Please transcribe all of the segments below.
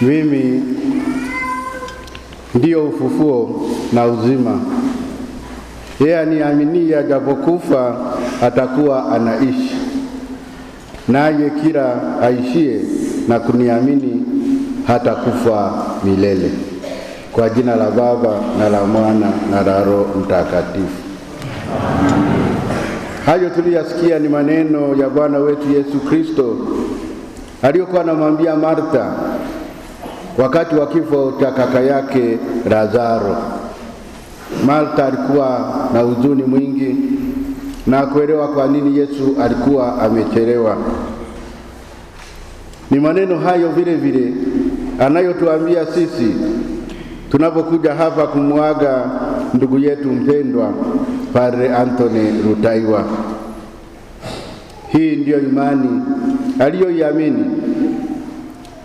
Mimi ndiyo ufufuo na uzima. Yeye aniaminie ajapokufa atakuwa anaishi, naye kila aishie na kuniamini hatakufa milele. Kwa jina la Baba na la Mwana na la Roho Mtakatifu. Hayo tuliyasikia ni maneno ya Bwana wetu Yesu Kristo aliyokuwa anamwambia Martha wakati wa kifo cha kaka yake Lazaro. malta alikuwa na huzuni mwingi na kuelewa kwa nini Yesu alikuwa amechelewa. Ni maneno hayo vile vile anayotuambia sisi tunapokuja hapa kumwaga ndugu yetu mpendwa Padre Anthony Rutaihwa. Hii ndiyo imani aliyoiamini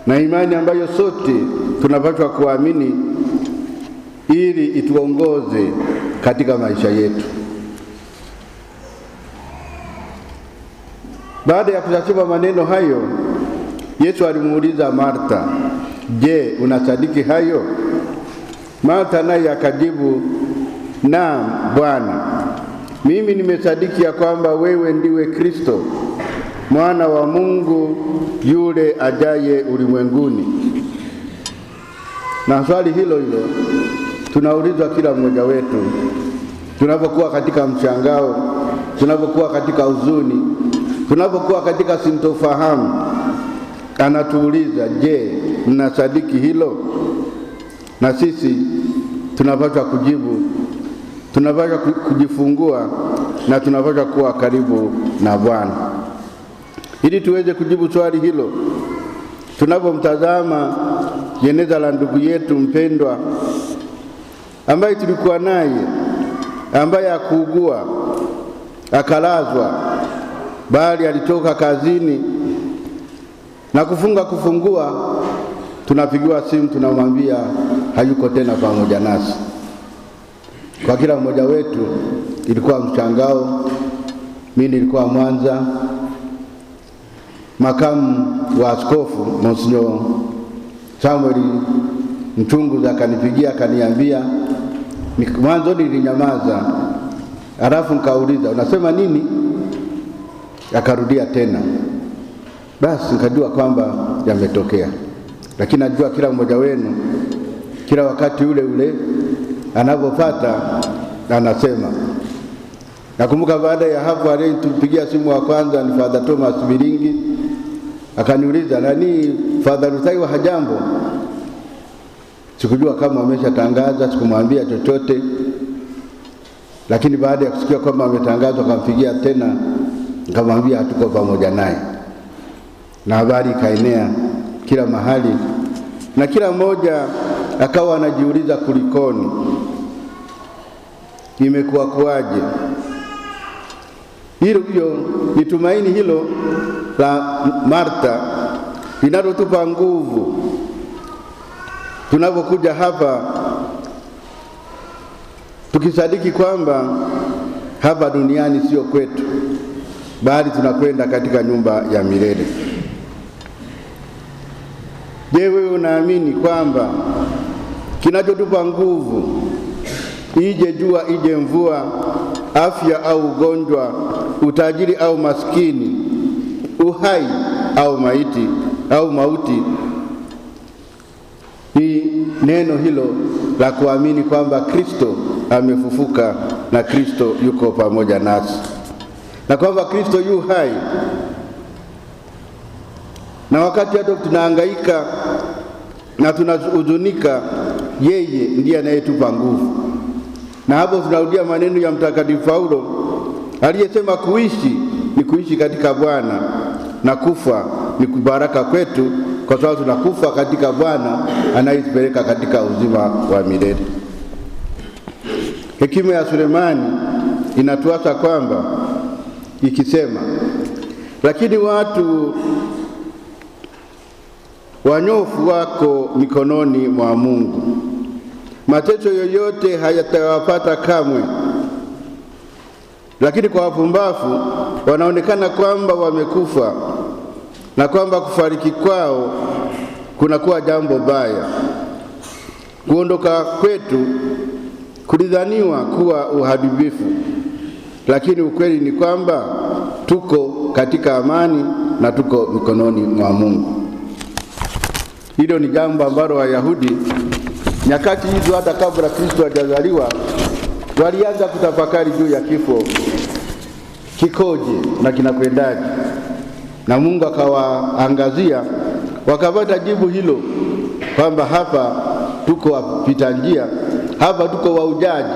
na imani ambayo sote tunapaswa kuamini ili ituongoze katika maisha yetu. Baada ya kusema maneno hayo, Yesu alimuuliza Martha, "Je, unasadiki hayo?" Martha naye akajibu, "Naam, Bwana, mimi nimesadiki ya kwamba wewe ndiwe Kristo mwana wa Mungu yule ajaye ulimwenguni. Na swali hilo hilo tunaulizwa kila mmoja wetu tunapokuwa katika mshangao, tunapokuwa katika huzuni, tunapokuwa katika sintofahamu. Anatuuliza, je, mnasadiki hilo? Na sisi tunapaswa kujibu, tunapaswa kujifungua na tunapaswa kuwa karibu na Bwana. Ili tuweze kujibu swali hilo, tunapomtazama jeneza la ndugu yetu mpendwa ambaye tulikuwa naye, ambaye akuugua akalazwa, bali alitoka kazini na kufunga kufungua, tunapigiwa simu, tunamwambia hayuko tena pamoja nasi. Kwa kila mmoja wetu ilikuwa mshangao. Mimi nilikuwa Mwanza, makamu wa askofu Monsinyo Samuel Mchunguza akanipigia akaniambia, mwanzo nilinyamaza, alafu nikauliza unasema nini? Akarudia tena, basi nikajua kwamba yametokea. Lakini najua kila mmoja wenu kila wakati ule ule anavyopata anasema. Nakumbuka baada ya hapo, aliyetupigia simu wa kwanza ni Father Thomas Biringi akaniuliza nani Rutai wa hajambo. Sikujua kama ameshatangaza, sikumwambia chochote, lakini baada ya kusikia kwamba ametangazwa, akampigia tena, nikamwambia hatuko pamoja naye, na habari ikaenea kila mahali, na kila mmoja akawa anajiuliza kulikoni, imekuwa kuwaje? Hilo ni tumaini hilo la Martha linalotupa nguvu tunapokuja hapa tukisadiki kwamba hapa duniani sio kwetu, bali tunakwenda katika nyumba ya milele. Je, wewe unaamini kwamba kinachotupa nguvu, ije jua ije mvua, afya au ugonjwa utajiri au maskini, uhai au maiti au mauti. Ni neno hilo la kuamini kwamba Kristo amefufuka na Kristo yuko pamoja nasi na kwamba Kristo yu hai. Na wakati hata tunahangaika na tunahuzunika, yeye ndiye anayetupa nguvu. Na hapo tunarudia maneno ya Mtakatifu Paulo aliyesema kuishi ni kuishi katika Bwana na kufa ni kubaraka kwetu, kwa sababu tunakufa katika Bwana anayetupeleka katika uzima wa milele. Hekima ya Sulemani inatuasa kwamba ikisema, lakini watu wanyofu wako mikononi mwa Mungu, mateso yoyote hayatawapata kamwe lakini kwa wapumbavu wanaonekana kwamba wamekufa na kwamba kufariki kwao kunakuwa jambo baya. Kuondoka kwetu kulidhaniwa kuwa uharibifu, lakini ukweli ni kwamba tuko katika amani na tuko mikononi mwa Mungu. Hilo ni jambo ambalo Wayahudi nyakati hizo, hata kabla Kristo hajazaliwa walianza kutafakari juu ya kifo kikoje na kinakwendaje, na Mungu akawaangazia, wakapata jibu hilo kwamba hapa tuko wapita njia, hapa tuko waujaji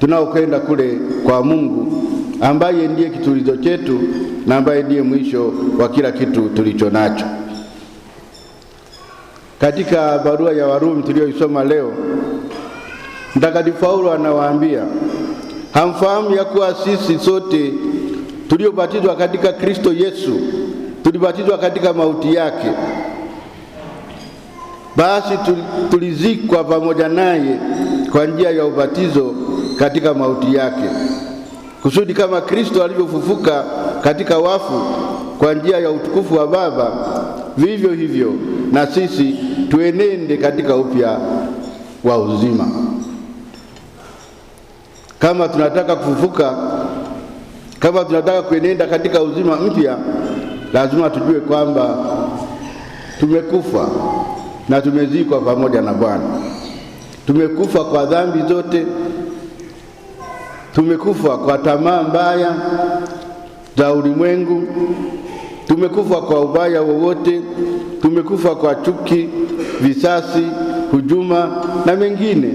tunaokwenda kule kwa Mungu ambaye ndiye kitulizo chetu na ambaye ndiye mwisho wa kila kitu tulicho nacho. Katika barua ya Warumi tuliyoisoma leo Mtakatifu Paulo anawaambia, hamfahamu ya kuwa sisi sote tuliobatizwa katika Kristo Yesu tulibatizwa katika mauti yake? Basi tulizikwa pamoja naye kwa njia ya ubatizo katika mauti yake, kusudi kama Kristo alivyofufuka katika wafu kwa njia ya utukufu wa Baba, vivyo hivyo na sisi tuenende katika upya wa uzima. Kama tunataka kufufuka, kama tunataka kuenenda katika uzima mpya, lazima tujue kwamba tumekufa na tumezikwa pamoja na Bwana. Tumekufa kwa dhambi zote, tumekufa kwa tamaa mbaya za ulimwengu, tumekufa kwa ubaya wowote, tumekufa kwa chuki, visasi, hujuma na mengine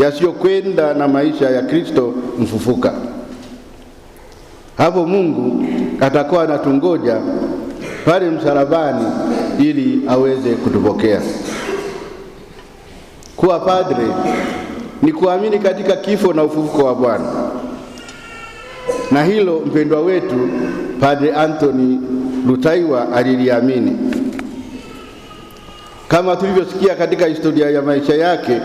yasiyokwenda na maisha ya Kristo mfufuka. Hapo Mungu atakuwa anatungoja pale msalabani ili aweze kutupokea. Kuwa padre ni kuamini katika kifo na ufufuko wa Bwana, na hilo mpendwa wetu Padre Anthony Lutaiwa aliliamini, kama tulivyosikia katika historia ya maisha yake.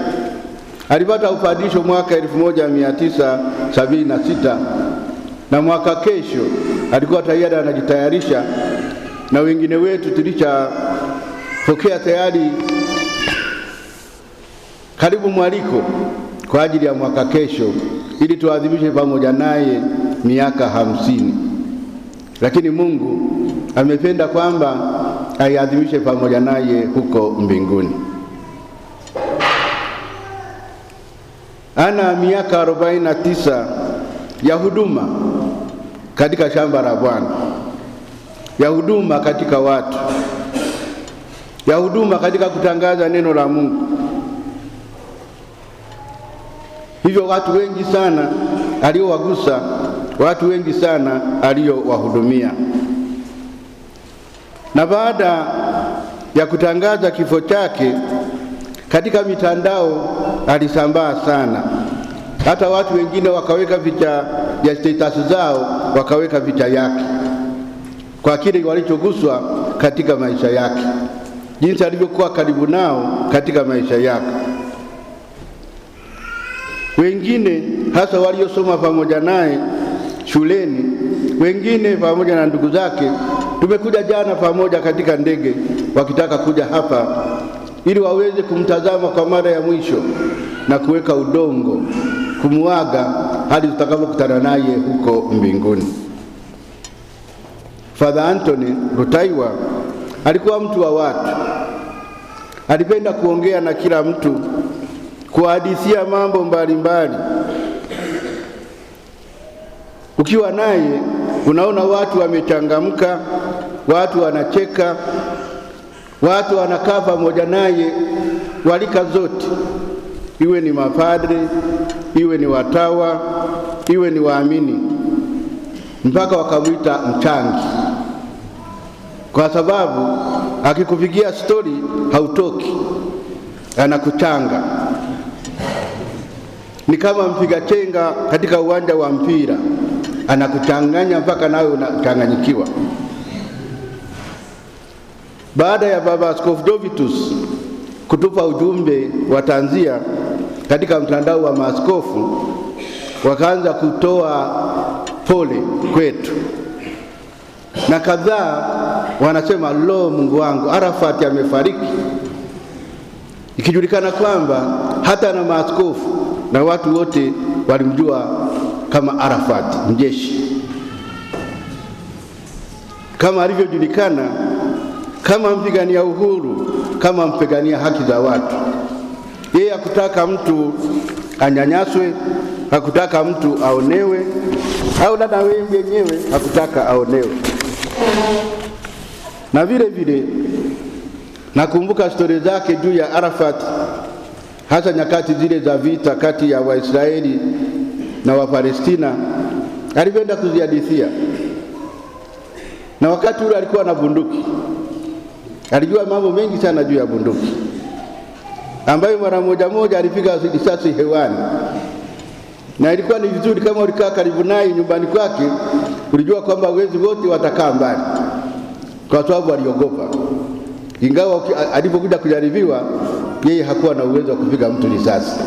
Alipata upadisho mwaka 1976 na mwaka kesho alikuwa tayari anajitayarisha, na wengine wetu tulichapokea tayari karibu mwaliko kwa ajili ya mwaka kesho, ili tuadhimishe pamoja naye miaka hamsini. Lakini Mungu amependa kwamba aiadhimishe pamoja naye huko mbinguni. ana miaka 49 ya huduma katika shamba la Bwana, ya huduma katika watu, ya huduma katika kutangaza neno la Mungu. Hivyo watu wengi sana aliowagusa, watu wengi sana aliowahudumia. Na baada ya kutangaza kifo chake katika mitandao alisambaa sana, hata watu wengine wakaweka vita ya status zao, wakaweka vita yake kwa kile walichoguswa katika maisha yake, jinsi alivyokuwa karibu nao katika maisha yake. Wengine hasa waliosoma pamoja naye shuleni, wengine pamoja na ndugu zake. Tumekuja jana pamoja katika ndege, wakitaka kuja hapa ili waweze kumtazama kwa mara ya mwisho na kuweka udongo kumuaga hadi tutakapokutana naye huko mbinguni. Father Anthony Rutaiwa alikuwa mtu wa watu, alipenda kuongea na kila mtu, kuhadisia mambo mbalimbali mbali. Ukiwa naye unaona watu wamechangamka, watu wanacheka, watu wanakaa pamoja naye walika zote, iwe ni mapadre, iwe ni watawa, iwe ni waamini, mpaka wakamwita mchangi, kwa sababu akikupigia stori hautoki, anakuchanga. Ni kama mpiga chenga katika uwanja wa mpira, anakuchanganya mpaka nawe unachanganyikiwa baada ya Baba Askofu Dovitus kutupa ujumbe wa tanzia katika mtandao wa maaskofu, wakaanza kutoa pole kwetu na kadhaa wanasema, lo, Mungu wangu, Arafati amefariki, ikijulikana kwamba hata na maaskofu na watu wote walimjua kama Arafati mjeshi, kama alivyojulikana kama mpigania uhuru, kama mpigania haki za watu. Yeye hakutaka mtu anyanyaswe, hakutaka mtu aonewe, au dada wewe mwenyewe hakutaka aonewe. Na vile vile nakumbuka stori zake juu ya Arafat, hasa nyakati zile za vita kati ya Waisraeli na Wapalestina, alivyoenda kuzihadithia, na wakati ule alikuwa na bunduki Alijua mambo mengi sana juu ya bunduki, ambayo mara moja moja alipiga risasi hewani, na ilikuwa ni vizuri kama ulikaa karibu naye nyumbani kwake, ulijua kwamba wezi wote watakaa mbali, kwa sababu aliogopa. Ingawa alipokuja kujaribiwa, yeye hakuwa na uwezo wa kupiga mtu risasi,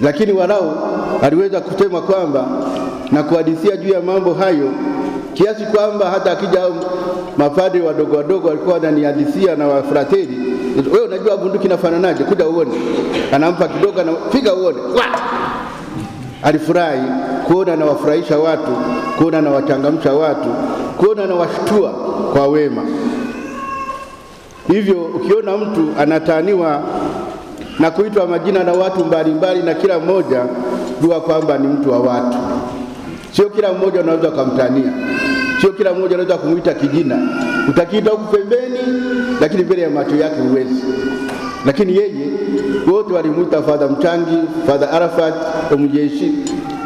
lakini walau aliweza kusema kwamba na kuhadithia juu ya mambo hayo kiasi kwamba hata akija mapadri wadogo wadogo walikuwa wananihadithia na wafurateli, wewe unajua bunduki nafananaje Kuja uone. Anampa kidogo, anapiga uone. Alifurahi kuona anawafurahisha watu, kuona anawachangamsha watu, kuona anawashtua kwa wema. Hivyo ukiona mtu anataniwa na kuitwa majina na watu mbalimbali, na kila mmoja jua kwamba ni mtu wa watu, sio kila mmoja unaweza ukamtania. Sio kila mmoja anaweza kumwita kijina, utakiita huku pembeni, lakini mbele ya macho yake huwezi. Lakini yeye wote walimwita Father Mchangi, Father Arafat, Omujeshi,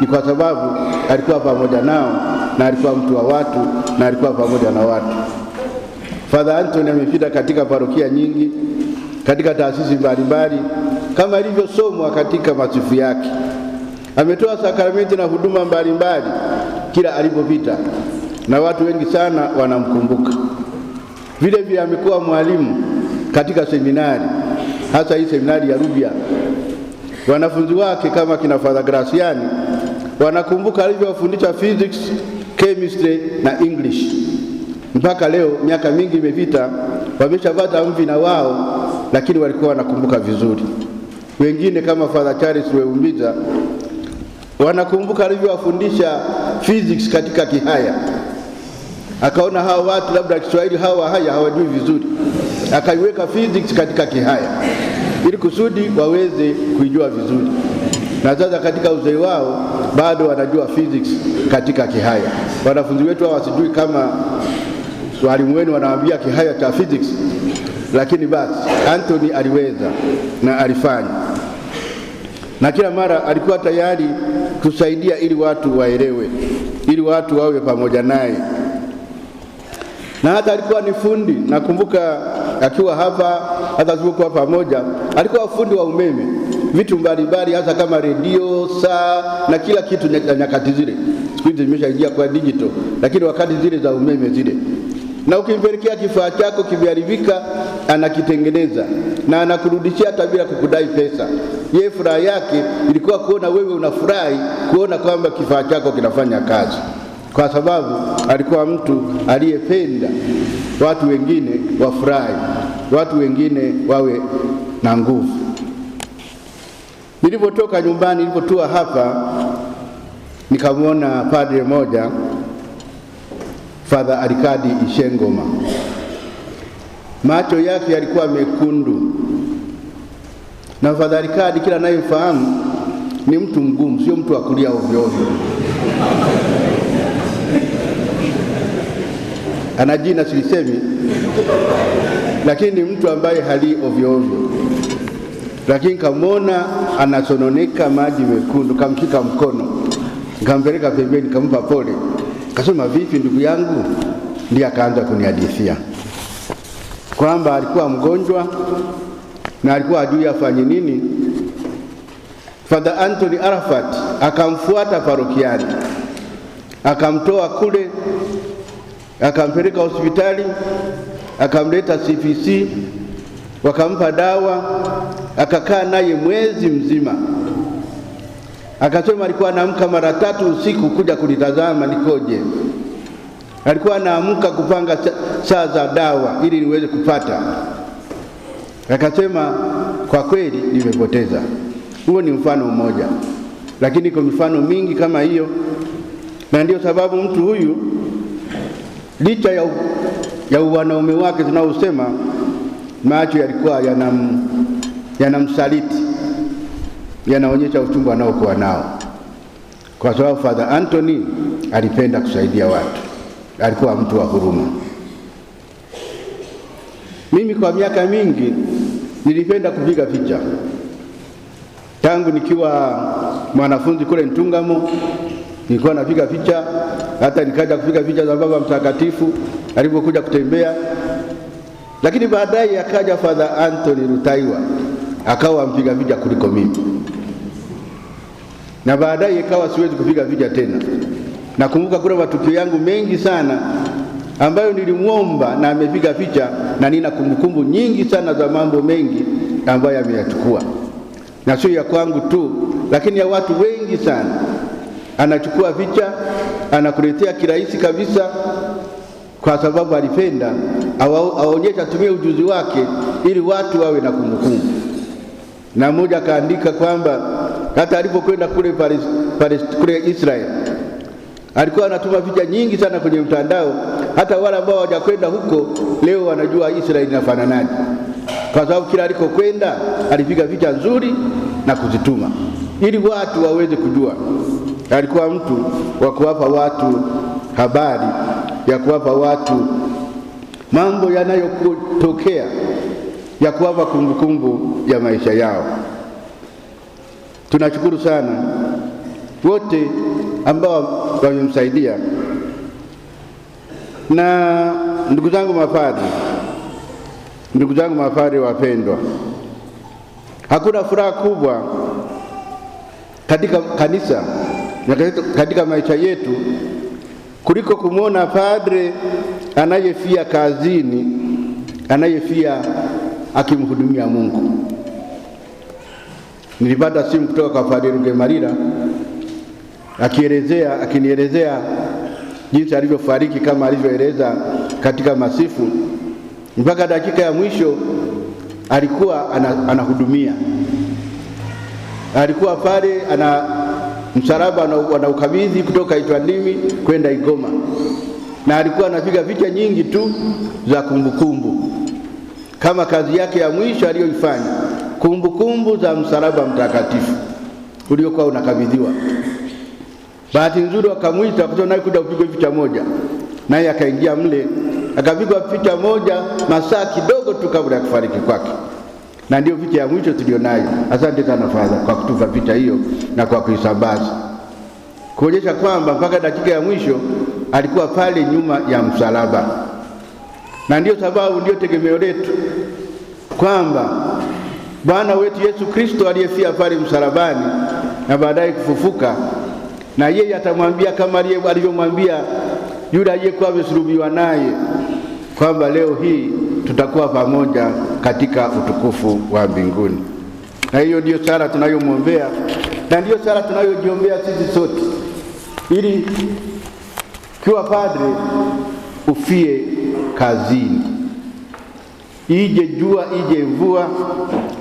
ni kwa sababu alikuwa pamoja nao na alikuwa mtu wa watu na alikuwa pamoja na watu. Father Anthony amepita katika parokia nyingi, katika taasisi mbalimbali kama ilivyosomwa katika masifu yake. Ametoa sakramenti na huduma mbalimbali kila alipopita na watu wengi sana wanamkumbuka. Vile vile amekuwa mwalimu katika seminari, hasa hii seminari ya Rubya. Wanafunzi wake kama kina Father Graciani wanakumbuka alivyowafundisha physics, chemistry na English. Mpaka leo miaka mingi imepita, wameshapata mvi na wao, lakini walikuwa wanakumbuka vizuri. Wengine kama Father Charles Weumbiza wanakumbuka alivyowafundisha physics katika Kihaya akaona hawa watu labda Kiswahili hawa haya hawajui vizuri, akaiweka physics katika kihaya ili kusudi waweze kuijua vizuri, na sasa katika uzee wao bado wanajua physics katika kihaya. Wanafunzi wetu hawa wasijui kama walimu wenu wanawaambia kihaya cha physics, lakini basi Anthony aliweza na alifanya, na kila mara alikuwa tayari kusaidia ili watu waelewe, ili watu wawe pamoja naye na hata alikuwa ni fundi. Nakumbuka akiwa hapa hata tulikuwa pamoja, alikuwa fundi wa umeme, vitu mbalimbali, hasa kama redio, saa na kila kitu nyakati zile. Siku hizi zimeshaingia kwa digital, lakini wakati zile za umeme zile na ukimpelekea kifaa chako kimeharibika, anakitengeneza na anakurudishia hata bila kukudai pesa. Yeye furaha yake ilikuwa kuona wewe unafurahi, kuona kwamba kifaa chako kinafanya kazi kwa sababu alikuwa mtu aliyependa watu wengine wafurahi, watu wengine wawe na nguvu. Nilipotoka nyumbani, nilipotua hapa, nikamwona padre moja Father Alikadi Ishengoma. Macho yake yalikuwa mekundu, na Father Alikadi kila anayemfahamu ni mtu mgumu, sio mtu wa kulia ovyo ovyo ana jina silisemi, lakini ni mtu ambaye hali ovyo ovyo, lakini kamwona anasononeka maji mekundu, kamshika mkono, nkampeleka pembeni, kampa pole, kasema vipi ndugu yangu? Ndiye akaanza kunihadithia kwamba alikuwa mgonjwa na alikuwa ajui afanye nini. Father Anthony Arafat akamfuata parokiani akamtoa kule, akampeleka hospitali, akamleta cpc wakampa dawa, akakaa naye mwezi mzima. Akasema alikuwa anaamka mara tatu usiku kuja kunitazama nikoje. Alikuwa anaamka kupanga saa za dawa ili niweze kupata. Akasema kwa kweli nimepoteza. Huo ni mfano mmoja, lakini iko mifano mingi kama hiyo na ndio sababu mtu huyu licha ya, ya wanaume wake tunaosema macho yalikuwa yanam, yanamsaliti yanaonyesha uchungu anaokuwa nao, kwa sababu Father Anthony alipenda kusaidia watu, alikuwa mtu wa huruma. Mimi kwa miaka mingi nilipenda kupiga picha tangu nikiwa mwanafunzi kule Ntungamo nilikuwa napiga picha, hata nikaja kupiga picha za Baba Mtakatifu alipokuja kutembea. Lakini baadaye akaja Father Anthony Rutaiwa akawa mpiga picha kuliko mimi, na baadaye ikawa siwezi kupiga picha tena. Nakumbuka kuna matukio yangu mengi sana ambayo nilimwomba na amepiga picha, na nina kumbukumbu nyingi sana za mambo mengi ambayo ameyachukua, na sio ya kwangu tu, lakini ya watu wengi sana anachukua vicha, anakuletea kirahisi kabisa, kwa sababu alipenda awaonyesha, atumie ujuzi wake ili watu wawe na kumbukumbu. Na mmoja akaandika kwamba hata alipokwenda kule Paris, kule Israeli alikuwa anatuma picha nyingi sana kwenye mtandao, hata wale ambao hawajakwenda huko leo wanajua Israeli inafananaje, kwa sababu kila alikokwenda alipiga picha nzuri na kuzituma ili watu waweze kujua alikuwa mtu wa kuwapa watu habari ya kuwapa watu mambo yanayotokea ya kuwapa kumbukumbu ya maisha yao. Tunashukuru sana wote ambao wamemsaidia. Na ndugu zangu mapadri, ndugu zangu mapadri wapendwa, hakuna furaha kubwa katika kanisa na katika maisha yetu kuliko kumwona padre anayefia kazini, anayefia akimhudumia Mungu. Nilipata simu kutoka kwa Padre Rugemalira akielezea akinielezea jinsi alivyofariki kama alivyoeleza katika masifu, mpaka dakika ya mwisho alikuwa anahudumia, alikuwa pale ana msalaba wanaukabidhi kutoka Itwandimi kwenda Igoma, na alikuwa anapiga picha nyingi tu za kumbukumbu kama kazi yake ya mwisho aliyoifanya, kumbukumbu za msalaba mtakatifu uliokuwa unakabidhiwa. Bahati nzuri wakamwita kutoka naye kuja kupigwa picha moja, naye akaingia mle akapigwa picha moja masaa kidogo tu kabla ya kufariki kwake na ndio vita ya mwisho tulionayo. Asante sana Father kwa kutupa vita hiyo na kwa kuisambaza, kuonyesha kwamba mpaka dakika ya mwisho alikuwa pale nyuma ya msalaba, na ndiyo sababu, ndio tegemeo letu kwamba Bwana wetu Yesu Kristo aliyefia pale msalabani na baadaye kufufuka, na yeye atamwambia kama alivyomwambia yule aliyekuwa amesulubiwa naye kwamba leo hii tutakuwa pamoja katika utukufu wa mbinguni. Na hiyo ndiyo sala tunayomwombea na ndiyo sala tunayojiombea sisi sote, ili kiwa padre ufie kazini, ije jua, ije mvua,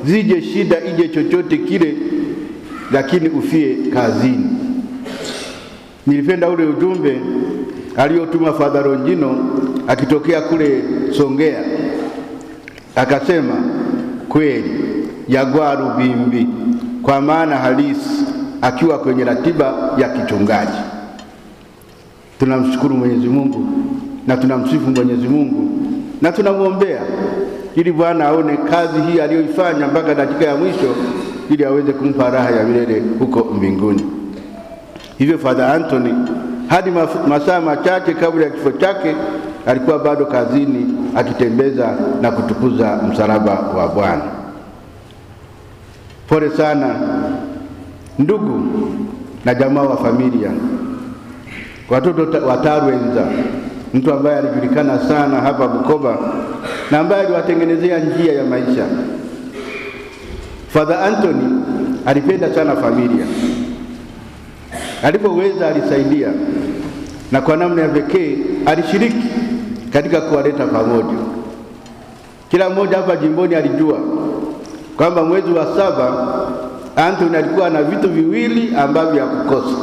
zije shida, ije chochote kile, lakini ufie kazini. Nilipenda ule ujumbe aliyotuma Fadha Rongino akitokea kule Songea. Akasema, kweli jagwaru Bimbi kwa maana halisi, akiwa kwenye ratiba ya kichungaji. Tunamshukuru Mwenyezi Mungu na tunamsifu Mwenyezi Mungu na tunamwombea ili Bwana aone kazi hii aliyoifanya mpaka dakika ya mwisho, ili aweze kumpa raha ya milele huko mbinguni. Hivyo Father Anthony hadi masaa machache kabla ya kifo chake alikuwa bado kazini akitembeza na kutukuza msalaba wa Bwana. Pole sana ndugu na jamaa wa familia, watoto wa Tarwenza, mtu ambaye alijulikana sana hapa Bukoba na ambaye aliwatengenezea njia ya maisha. Father Anthony alipenda sana familia, alipoweza alisaidia, na kwa namna ya pekee alishiriki katika kuwaleta pamoja. Kila mmoja hapa jimboni alijua kwamba mwezi wa saba Anthony alikuwa na vitu viwili ambavyo kukosa.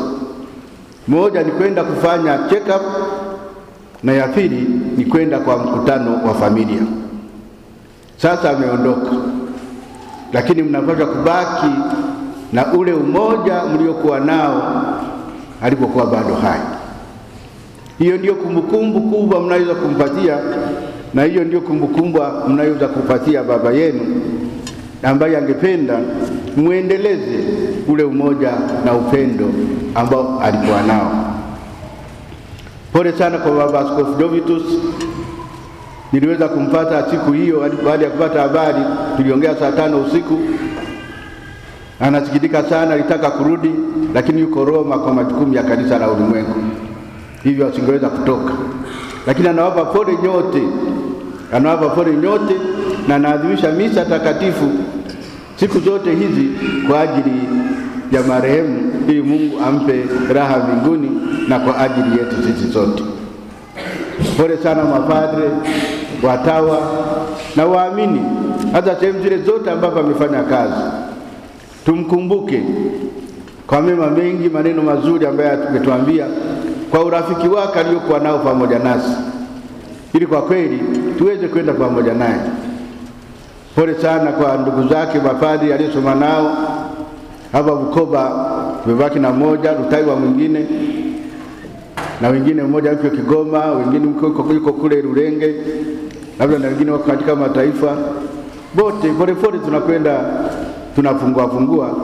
Moja ni kwenda kufanya check up na ya pili ni kwenda kwa mkutano wa familia. Sasa ameondoka, lakini mnapaswa kubaki na ule umoja mliokuwa nao alipokuwa bado hai. Hiyo ndio kumbukumbu kubwa mnaweza kumpatia, na hiyo ndio kumbukumbu mnaweza kupatia baba yenu ambaye angependa muendeleze ule umoja na upendo ambao alikuwa nao. Pole sana kwa baba Askofu Dovitus. Niliweza kumpata siku hiyo, baada ya kupata habari tuliongea saa tano usiku. Anasikitika sana, alitaka kurudi, lakini yuko Roma kwa majukumu ya kanisa la ulimwengu hivyo asingeweza kutoka, lakini anawapa pole nyote, anawapa pole nyote na anaadhimisha misa takatifu siku zote hizi kwa ajili ya marehemu, ili Mungu ampe raha mbinguni na kwa ajili yetu sisi sote. Pole sana mapadre, watawa na waamini, hata sehemu zile zote ambapo amefanya kazi. Tumkumbuke kwa mema mengi, maneno mazuri ambayo ametuambia kwa urafiki wake aliyokuwa nao pamoja nasi, ili kwa kweli tuweze kwenda pamoja naye. Pole sana kwa ndugu zake mapadri aliyosoma nao hapa Bukoba, tumebaki na mmoja wa mwingine na wengine mmoja yuko Kigoma, wengine yuko kule Rulenge, labda na wengine wako katika mataifa. Wote polepole tunakwenda tunafungua fungua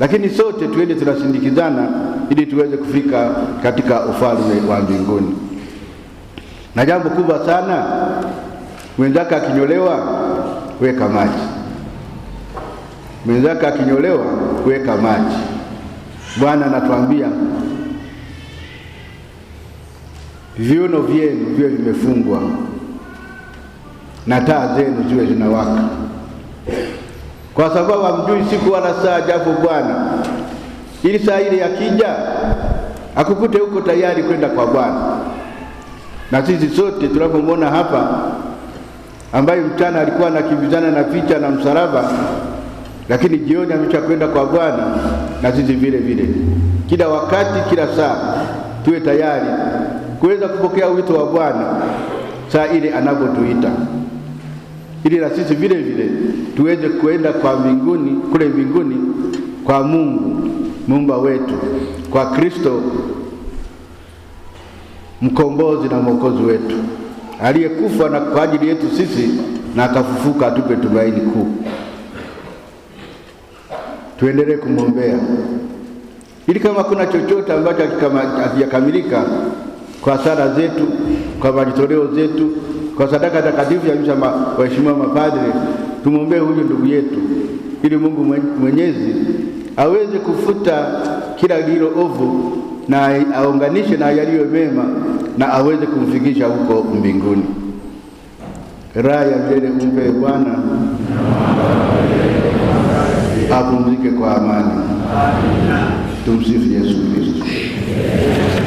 lakini sote tuende tunashindikizana ili tuweze kufika katika ufalme wa mbinguni. Na jambo kubwa sana, mwenzako akinyolewa, weka maji. Mwenzako akinyolewa, weka maji. Bwana anatuambia viuno vyenu viwe vimefungwa na taa zenu ziwe zinawaka kwa sababu hamjui siku wala saa, japo Bwana ili saa ile yakija akukute huko tayari kwenda kwa Bwana. Na sisi sote tunapomwona hapa, ambaye mchana alikuwa anakimbizana na picha na msalaba, lakini jioni amesha kwenda kwa Bwana. Na sisi vile vile, kila wakati, kila saa tuwe tayari kuweza kupokea wito wa Bwana saa ile anapotuita ili na sisi vile vile tuweze kuenda kwa mbinguni, kule mbinguni kwa Mungu muumba wetu, kwa Kristo mkombozi na mwokozi wetu aliyekufa na kwa ajili yetu sisi na akafufuka, atupe tumaini kuu. Tuendelee kumwombea ili kama kuna chochote ambacho hakijakamilika kwa sala zetu, kwa majitoleo zetu kwa sadaka takatifu ya misa, waheshimiwa mapadre, tumwombee huyu ndugu yetu, ili Mungu Mwenyezi aweze kufuta kila lilo ovu na aunganishe na yaliyo mema na aweze kumfikisha huko mbinguni. Raha ya milele umpe Bwana, apumzike kwa amani. Tumsifu Yesu Kristo.